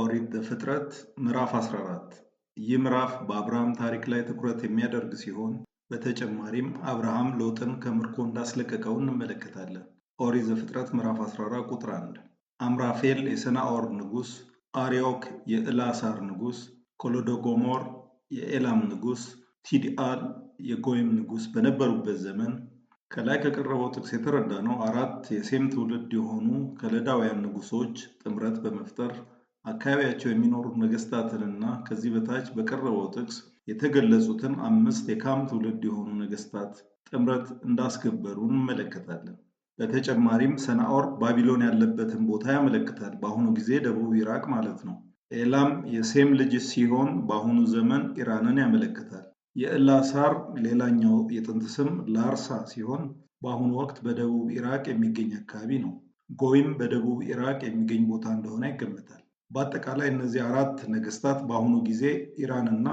ኦሪት ዘፍጥረት ምዕራፍ 14 ይህ ምዕራፍ በአብርሃም ታሪክ ላይ ትኩረት የሚያደርግ ሲሆን በተጨማሪም አብርሃም ሎጥን ከምርኮ እንዳስለቀቀው እንመለከታለን። ኦሪት ዘፍጥረት ምዕራፍ 14 ቁጥር 1 አምራፌል የሰናኦር ንጉሥ፣ አሪዮክ የእላሳር ንጉሥ፣ ኮሎዶጎሞር የኤላም ንጉሥ፣ ቲዲአል የጎይም ንጉሥ በነበሩበት ዘመን ከላይ ከቀረበው ጥቅስ የተረዳ ነው። አራት የሴም ትውልድ የሆኑ ከለዳውያን ንጉሶች ጥምረት በመፍጠር አካባቢያቸው የሚኖሩት ነገስታትንና ከዚህ በታች በቀረበው ጥቅስ የተገለጹትን አምስት የካም ትውልድ የሆኑ ነገስታት ጥምረት እንዳስገበሩ እንመለከታለን። በተጨማሪም ሰናኦር ባቢሎን ያለበትን ቦታ ያመለክታል። በአሁኑ ጊዜ ደቡብ ኢራቅ ማለት ነው። ኤላም የሴም ልጅ ሲሆን በአሁኑ ዘመን ኢራንን ያመለክታል። የእላሳር ሌላኛው የጥንት ስም ላርሳ ሲሆን በአሁኑ ወቅት በደቡብ ኢራቅ የሚገኝ አካባቢ ነው። ጎይም በደቡብ ኢራቅ የሚገኝ ቦታ እንደሆነ ይገመታል። በአጠቃላይ እነዚህ አራት ነገስታት በአሁኑ ጊዜ ኢራንና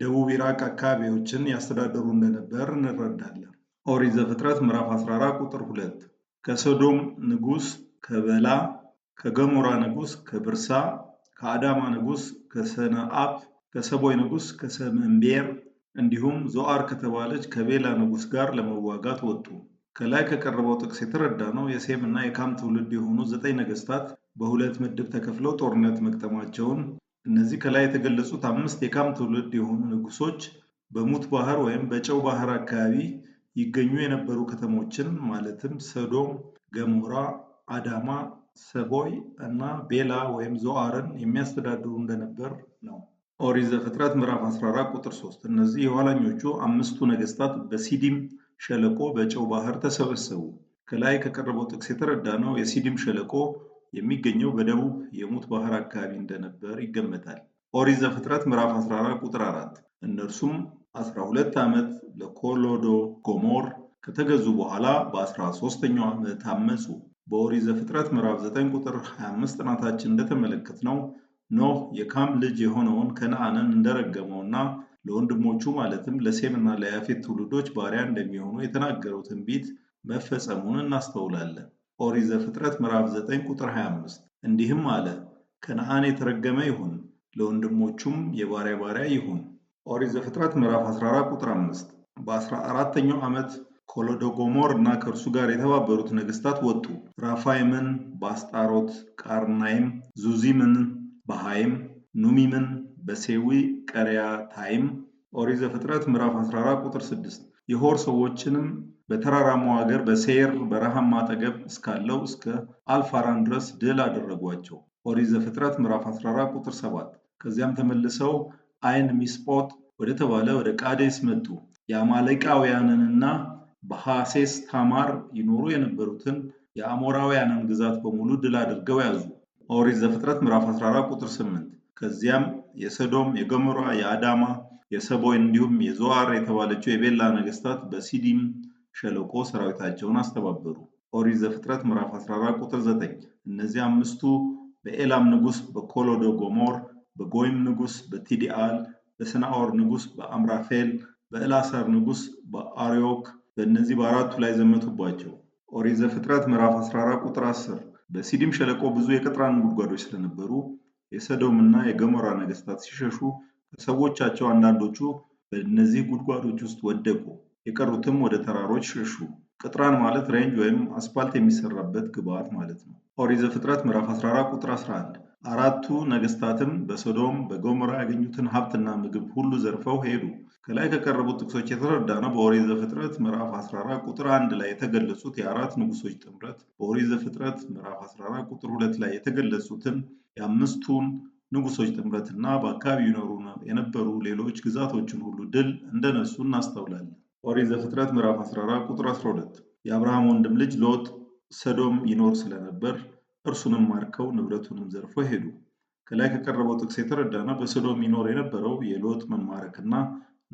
ደቡብ ኢራቅ አካባቢዎችን ያስተዳደሩ እንደነበር እንረዳለን። ኦሪት ዘፍጥረት ምዕራፍ 14 ቁጥር 2 ከሶዶም ንጉስ ከበላ፣ ከገሞራ ንጉስ፣ ከብርሳ፣ ከአዳማ ንጉስ፣ ከሰነአፍ፣ ከሰቦይ ንጉስ፣ ከሰመንቤር እንዲሁም ዞአር ከተባለች ከቤላ ንጉስ ጋር ለመዋጋት ወጡ። ከላይ ከቀረበው ጥቅስ የተረዳ ነው የሴም እና የካም ትውልድ የሆኑ ዘጠኝ ነገስታት በሁለት ምድብ ተከፍለው ጦርነት መቅጠማቸውን፣ እነዚህ ከላይ የተገለጹት አምስት የካም ትውልድ የሆኑ ንጉሶች በሙት ባህር ወይም በጨው ባህር አካባቢ ይገኙ የነበሩ ከተሞችን ማለትም ሰዶም፣ ገሞራ፣ አዳማ፣ ሰቦይ እና ቤላ ወይም ዞአርን የሚያስተዳድሩ እንደነበር ነው። ኦሪት ዘፍጥረት ምዕራፍ 14 ቁጥር 3 እነዚህ የኋላኞቹ አምስቱ ነገስታት በሲዲም ሸለቆ በጨው ባህር ተሰበሰቡ። ከላይ ከቀረበው ጥቅስ የተረዳነው የሲዲም ሸለቆ የሚገኘው በደቡብ የሙት ባህር አካባቢ እንደነበር ይገመታል። ኦሪት ዘፍጥረት ምዕራፍ 14 ቁጥር 4 እነርሱም 12 ዓመት ለኮሎዶ ጎሞር ከተገዙ በኋላ በ13ኛው ዓመት አመፁ። በኦሪት ዘፍጥረት ምዕራፍ 9 ቁጥር 25 ጥናታችን እንደተመለከትነው ኖህ የካም ልጅ የሆነውን ከነዓንን እንደረገመውና ለወንድሞቹ ማለትም ለሴምና ለያፌት ትውልዶች ባሪያ እንደሚሆኑ የተናገረው ትንቢት መፈጸሙን እናስተውላለን። ኦሪት ዘፍጥረት ምዕራፍ 9 ቁጥር 25 እንዲህም አለ፣ ከነአን የተረገመ ይሁን፣ ለወንድሞቹም የባሪያ ባሪያ ይሁን። ኦሪት ዘፍጥረት ምዕራፍ 14 ቁጥር 5 በ14ተኛው ዓመት ኮሎዶጎሞር እና ከእርሱ ጋር የተባበሩት ነገስታት ወጡ። ራፋይምን በአስጣሮት ቃርናይም፣ ዙዚምን በሃይም፣ ኑሚምን በሴዊ ቀሪያ ታይም ኦሪት ዘፍጥረት ምዕራፍ 14 ቁጥር 6 የሆር ሰዎችንም በተራራማው ሀገር በሴር በረሃም አጠገብ እስካለው እስከ አልፋራን ድረስ ድል አደረጓቸው። ኦሪት ዘፍጥረት ምዕራፍ 14 ቁጥር 7 ከዚያም ተመልሰው አይን ሚስፖት ወደ ተባለ ወደ ቃዴስ መጡ። የአማሌቃውያንንና በሐሴስ ታማር ይኖሩ የነበሩትን የአሞራውያንን ግዛት በሙሉ ድል አድርገው ያዙ። ኦሪት ዘፍጥረት ምዕራፍ 14 ቁጥር 8 ከዚያም የሰዶም፣ የገሞራ፣ የአዳማ፣ የሰቦይ እንዲሁም የዘዋር የተባለችው የቤላ ነገስታት በሲዲም ሸለቆ ሰራዊታቸውን አስተባበሩ። ኦሪት ዘፍጥረት ምዕራፍ 14 ቁጥር 9። እነዚህ አምስቱ በኤላም ንጉስ በኮሎዶ ጎሞር፣ በጎይም ንጉስ በቲዲአል፣ በስናኦር ንጉስ በአምራፌል፣ በእላሳር ንጉስ በአሪዮክ በእነዚህ በአራቱ ላይ ዘመቱባቸው። ኦሪት ዘፍጥረት ምዕራፍ 14 ቁጥር 10። በሲዲም ሸለቆ ብዙ የቅጥራን ጉድጓዶች ስለነበሩ የሰዶምና የገሞራ ነገስታት ሲሸሹ ከሰዎቻቸው አንዳንዶቹ በእነዚህ ጉድጓዶች ውስጥ ወደቁ፣ የቀሩትም ወደ ተራሮች ሸሹ። ቅጥራን ማለት ሬንጅ ወይም አስፓልት የሚሰራበት ግብዓት ማለት ነው። ኦሪት ዘፍጥረት ምዕራፍ 14 ቁጥር 11 አራቱ ነገስታትም በሶዶም በጎሞራ ያገኙትን ሀብትና ምግብ ሁሉ ዘርፈው ሄዱ። ከላይ ከቀረቡት ጥቅሶች የተረዳ ነው። በኦሪት ዘፍጥረት ምዕራፍ 14 ቁጥር 1 ላይ የተገለጹት የአራት ንጉሶች ጥምረት በኦሪት ዘፍጥረት ምዕራፍ 14 ቁጥር 2 ላይ የተገለጹትን የአምስቱን ንጉሶች ጥምረትና በአካባቢ ይኖሩ የነበሩ ሌሎች ግዛቶችን ሁሉ ድል እንደነሱ እናስተውላለን። ኦሪት ዘፍጥረት ምዕራፍ 14 ቁጥር 12 የአብርሃም ወንድም ልጅ ሎጥ ሰዶም ይኖር ስለነበር እርሱንም ማርከው ንብረቱንም ዘርፎ ሄዱ። ከላይ ከቀረበው ጥቅስ የተረዳነው በሰዶም ይኖር የነበረው የሎጥ መማረክና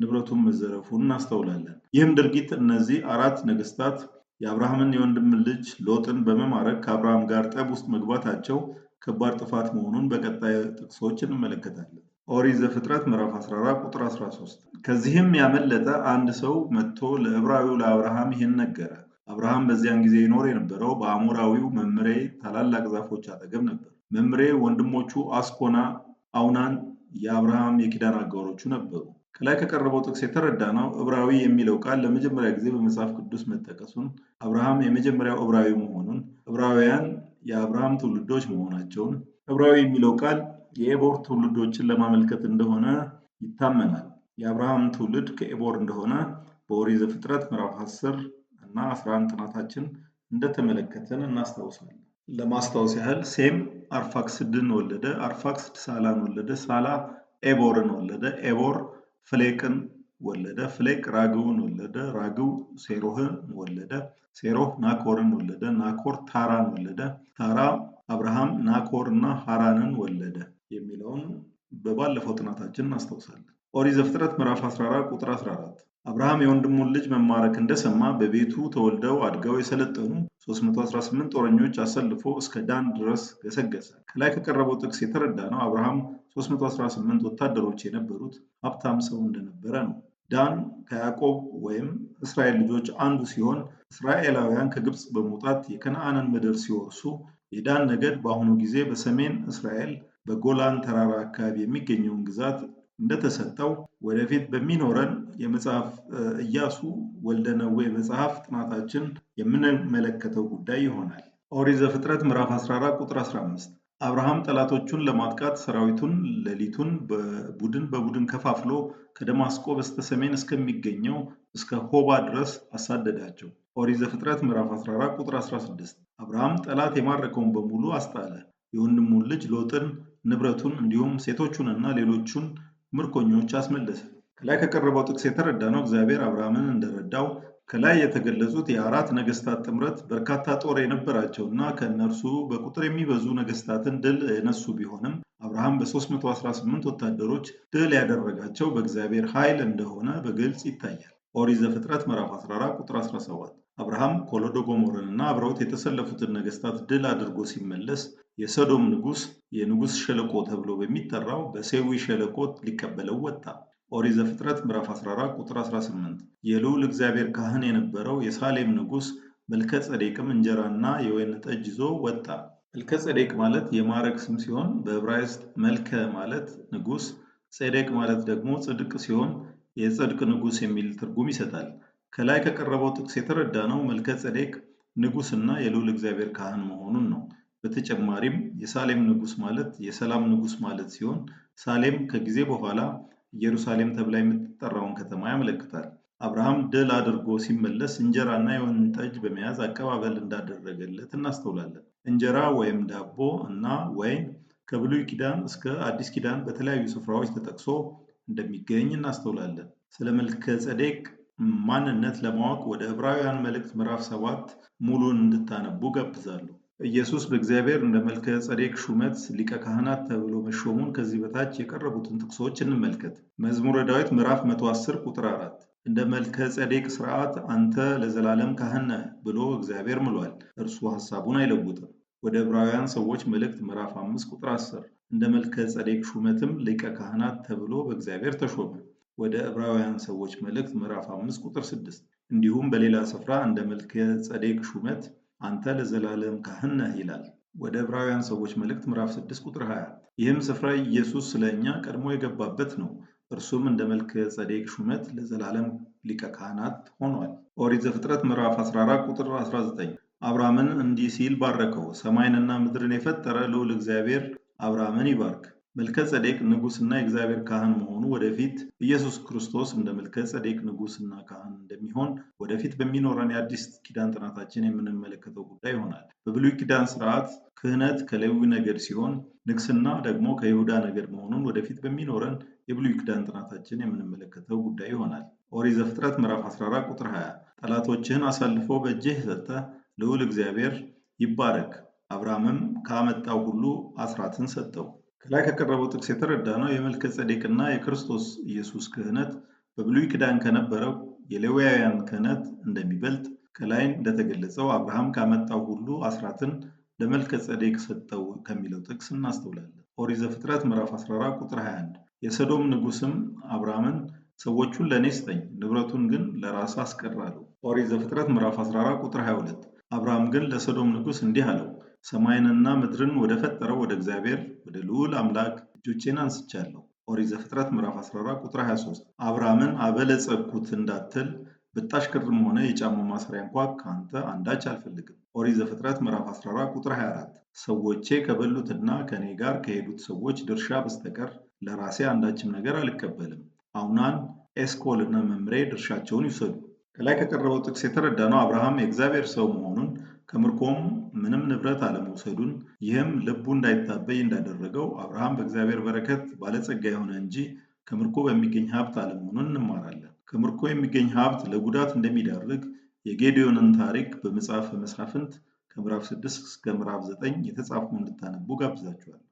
ንብረቱን መዘረፉን እናስተውላለን። ይህም ድርጊት እነዚህ አራት ነገስታት የአብርሃምን የወንድም ልጅ ሎጥን በመማረክ ከአብርሃም ጋር ጠብ ውስጥ መግባታቸው ከባድ ጥፋት መሆኑን በቀጣይ ጥቅሶች እንመለከታለን። ኦሪት ዘፍጥረት ምዕራፍ 14 ቁጥር 13 ከዚህም ያመለጠ አንድ ሰው መጥቶ ለዕብራዊው ለአብርሃም ይህን ነገረ። አብርሃም በዚያን ጊዜ ይኖር የነበረው በአሞራዊው መምሬ ታላላቅ ዛፎች አጠገብ ነበር። መምሬ ወንድሞቹ አስኮና፣ አውናን፣ የአብርሃም የኪዳን አጋሮቹ ነበሩ። ከላይ ከቀረበው ጥቅስ የተረዳ ነው ዕብራዊ የሚለው ቃል ለመጀመሪያ ጊዜ በመጽሐፍ ቅዱስ መጠቀሱን፣ አብርሃም የመጀመሪያው ዕብራዊ መሆኑን፣ ዕብራውያን የአብርሃም ትውልዶች መሆናቸውን፣ ዕብራዊ የሚለው ቃል የኤቦር ትውልዶችን ለማመልከት እንደሆነ ይታመናል። የአብርሃም ትውልድ ከኤቦር እንደሆነ በኦሪት ዘፍጥረት ምዕራፍ 10 እና 11 ጥናታችን እንደተመለከተን እናስታውሳለን። ለማስታወስ ያህል ሴም አርፋክስድን ወለደ። አርፋክስድ ሳላን ወለደ። ሳላ ኤቦርን ወለደ። ኤቦር ፍሌቅን ወለደ። ፍሌቅ ራግውን ወለደ። ራግው ሴሮህን ወለደ። ሴሮህ ናኮርን ወለደ። ናኮር ታራን ወለደ። ታራ አብርሃም ናኮር እና ሃራንን ወለደ የሚለውን በባለፈው ጥናታችን እናስታውሳለን። ኦሪት ዘፍጥረት ምዕራፍ 14 ቁጥር 14 አብርሃም የወንድሙን ልጅ መማረክ እንደሰማ በቤቱ ተወልደው አድገው የሰለጠኑ 318 ጦረኞች አሰልፎ እስከ ዳን ድረስ ገሰገሰ። ከላይ ከቀረበው ጥቅስ የተረዳ ነው አብርሃም 318 ወታደሮች የነበሩት ሀብታም ሰው እንደነበረ ነው። ዳን ከያዕቆብ ወይም እስራኤል ልጆች አንዱ ሲሆን እስራኤላውያን ከግብፅ በመውጣት የከነአንን ምድር ሲወርሱ የዳን ነገድ በአሁኑ ጊዜ በሰሜን እስራኤል በጎላን ተራራ አካባቢ የሚገኘውን ግዛት እንደተሰጠው ወደፊት በሚኖረን የመጽሐፍ ኢያሱ ወልደ ነዌ መጽሐፍ ጥናታችን የምንመለከተው ጉዳይ ይሆናል። ኦሪት ዘፍጥረት ምዕራፍ 14 ቁጥር 15 አብርሃም ጠላቶቹን ለማጥቃት ሰራዊቱን ሌሊቱን በቡድን በቡድን ከፋፍሎ ከደማስቆ በስተሰሜን እስከሚገኘው እስከ ሆባ ድረስ አሳደዳቸው። ኦሪት ዘፍጥረት ምዕራፍ 14 ቁጥር 16 አብርሃም ጠላት የማረከውን በሙሉ አስጣለ። የወንድሙን ልጅ ሎጥን፣ ንብረቱን፣ እንዲሁም ሴቶቹንና ሌሎቹን ምርኮኞች አስመለሰ። ከላይ ከቀረበው ጥቅስ የተረዳነው እግዚአብሔር አብርሃምን እንደረዳው ከላይ የተገለጹት የአራት ነገስታት ጥምረት በርካታ ጦር እና ከእነርሱ በቁጥር የሚበዙ ነገስታትን ድል የነሱ ቢሆንም አብርሃም በ318 ወታደሮች ድል ያደረጋቸው በእግዚአብሔር ኃይል እንደሆነ በግልጽ ይታያል። ኦሪት ዘፍጥረት ምዕራፍ 14 ቁጥር 17 አብርሃም ኮሎዶ ጎሞርንና አብረውት የተሰለፉትን ነገስታት ድል አድርጎ ሲመለስ የሰዶም ንጉስ የንጉስ ሸለቆ ተብሎ በሚጠራው በሴዊ ሸለቆ ሊቀበለው ወጣ። ኦሪት ዘፍጥረት ምዕራፍ 14 ቁጥር 18 የልዑል እግዚአብሔር ካህን የነበረው የሳሌም ንጉሥ ጸዴቅም እንጀራና የወይን ጠጅ ይዞ ወጣ። መልከ ጸዴቅ ማለት የማዕረግ ስም ሲሆን በዕብራይስጥ መልከ ማለት ንጉሥ፣ ጸዴቅ ማለት ደግሞ ጽድቅ ሲሆን የጽድቅ ንጉሥ የሚል ትርጉም ይሰጣል። ከላይ ከቀረበው ጥቅስ የተረዳ ነው መልከ ጸዴቅ ንጉሥና የልዑል እግዚአብሔር ካህን መሆኑን ነው። በተጨማሪም የሳሌም ንጉሥ ማለት የሰላም ንጉሥ ማለት ሲሆን ሳሌም ከጊዜ በኋላ ኢየሩሳሌም ተብላ የምትጠራውን ከተማ ያመለክታል። አብርሃም ድል አድርጎ ሲመለስ እንጀራና የወይን ጠጅ በመያዝ አቀባበል እንዳደረገለት እናስተውላለን። እንጀራ ወይም ዳቦ እና ወይን ከብሉይ ኪዳን እስከ አዲስ ኪዳን በተለያዩ ስፍራዎች ተጠቅሶ እንደሚገኝ እናስተውላለን። ስለ መልከ ጸዴቅ ማንነት ለማወቅ ወደ ዕብራውያን መልእክት ምዕራፍ ሰባት ሙሉን እንድታነቡ ጋብዛለሁ። ኢየሱስ በእግዚአብሔር እንደ መልከ ጸዴቅ ሹመት ሊቀ ካህናት ተብሎ መሾሙን ከዚህ በታች የቀረቡትን ጥቅሶች እንመልከት። መዝሙረ ዳዊት ምዕራፍ 110 ቁጥር 4 እንደ መልከ ጸዴቅ ስርዓት አንተ ለዘላለም ካህን ነህ ብሎ እግዚአብሔር ምሏል። እርሱ ሐሳቡን አይለውጥም። ወደ ዕብራውያን ሰዎች መልእክት ምዕራፍ 5 ቁጥር 10 እንደ መልከ ጸዴቅ ሹመትም ሊቀ ካህናት ተብሎ በእግዚአብሔር ተሾመ። ወደ ዕብራውያን ሰዎች መልእክት ምዕራፍ 5 ቁጥር 6 እንዲሁም በሌላ ስፍራ እንደ መልከ ጸዴቅ ሹመት አንተ ለዘላለም ካህን ነህ ይላል። ወደ ዕብራውያን ሰዎች መልእክት ምዕራፍ 6 ቁጥር 20። ይህም ስፍራ ኢየሱስ ስለ እኛ ቀድሞ የገባበት ነው። እርሱም እንደ መልከ ጸዴቅ ሹመት ለዘላለም ሊቀ ካህናት ሆኗል። ኦሪት ዘፍጥረት ምዕራፍ 14 ቁጥር 19። አብርሃምን እንዲህ ሲል ባረከው፣ ሰማይንና ምድርን የፈጠረ ልዑል እግዚአብሔር አብርሃምን ይባርክ መልከ ጸዴቅ ንጉስና የእግዚአብሔር ካህን መሆኑ ወደፊት ኢየሱስ ክርስቶስ እንደ መልከ ጸዴቅ ንጉስና ካህን እንደሚሆን ወደፊት በሚኖረን የአዲስ ኪዳን ጥናታችን የምንመለከተው ጉዳይ ይሆናል። በብሉይ ኪዳን ስርዓት ክህነት ከሌዊ ነገድ ሲሆን ንግስና ደግሞ ከይሁዳ ነገድ መሆኑን ወደፊት በሚኖረን የብሉይ ኪዳን ጥናታችን የምንመለከተው ጉዳይ ይሆናል። ኦሪት ዘፍጥረት ምዕራፍ 14 ቁጥር 20 ጠላቶችህን አሳልፎ በእጅህ የሰጠ ልዑል እግዚአብሔር ይባረክ፣ አብርሃምም ካመጣው ሁሉ አስራትን ሰጠው። ከላይ ከቀረበው ጥቅስ የተረዳ ነው የመልከ ጼዴቅና የክርስቶስ ኢየሱስ ክህነት በብሉይ ኪዳን ከነበረው የሌዋውያን ክህነት እንደሚበልጥ ከላይ እንደተገለጸው አብርሃም ካመጣው ሁሉ አስራትን ለመልከ ጸዴቅ ሰጠው ከሚለው ጥቅስ እናስተውላለን። ኦሪት ዘፍጥረት ምዕራፍ 14 ቁጥር 21 የሰዶም ንጉስም አብርሃምን ሰዎቹን ለእኔ ስጠኝ፣ ንብረቱን ግን ለራስ አስቀር አለው። ኦሪት ዘፍጥረት ምዕራፍ 14 ቁጥር 22 አብርሃም ግን ለሰዶም ንጉስ እንዲህ አለው፣ ሰማይንና ምድርን ወደ ፈጠረው ወደ እግዚአብሔር ወደ ልዑል አምላክ እጆቼን አንስቻለሁ። ኦሪት ዘፍጥረት ምዕራፍ 14 ቁጥር 23 አብርሃምን አበለጸግኩት እንዳትል ብጣሽ ክርም ሆነ የጫማ ማሰሪያ እንኳ ከአንተ አንዳች አልፈልግም። ኦሪት ዘፍጥረት ምዕራፍ 14 ቁጥር 24 ሰዎቼ ከበሉትና ከእኔ ጋር ከሄዱት ሰዎች ድርሻ በስተቀር ለራሴ አንዳችም ነገር አልቀበልም። አውናን፣ ኤስኮል እና መምሬ ድርሻቸውን ይውሰዱ። ከላይ ከቀረበው ጥቅስ የተረዳ ነው አብርሃም የእግዚአብሔር ሰው መሆኑን ከምርኮም ምንም ንብረት አለመውሰዱን ይህም ልቡ እንዳይታበይ እንዳደረገው አብርሃም በእግዚአብሔር በረከት ባለጸጋ የሆነ እንጂ ከምርኮ በሚገኝ ሀብት አለመሆኑን እንማራለን። ከምርኮ የሚገኝ ሀብት ለጉዳት እንደሚዳርግ የጌዲዮንን ታሪክ በመጽሐፈ መሳፍንት ከምዕራፍ 6 እስከ ምዕራፍ 9 የተጻፉ እንድታነቡ ጋብዛችኋል።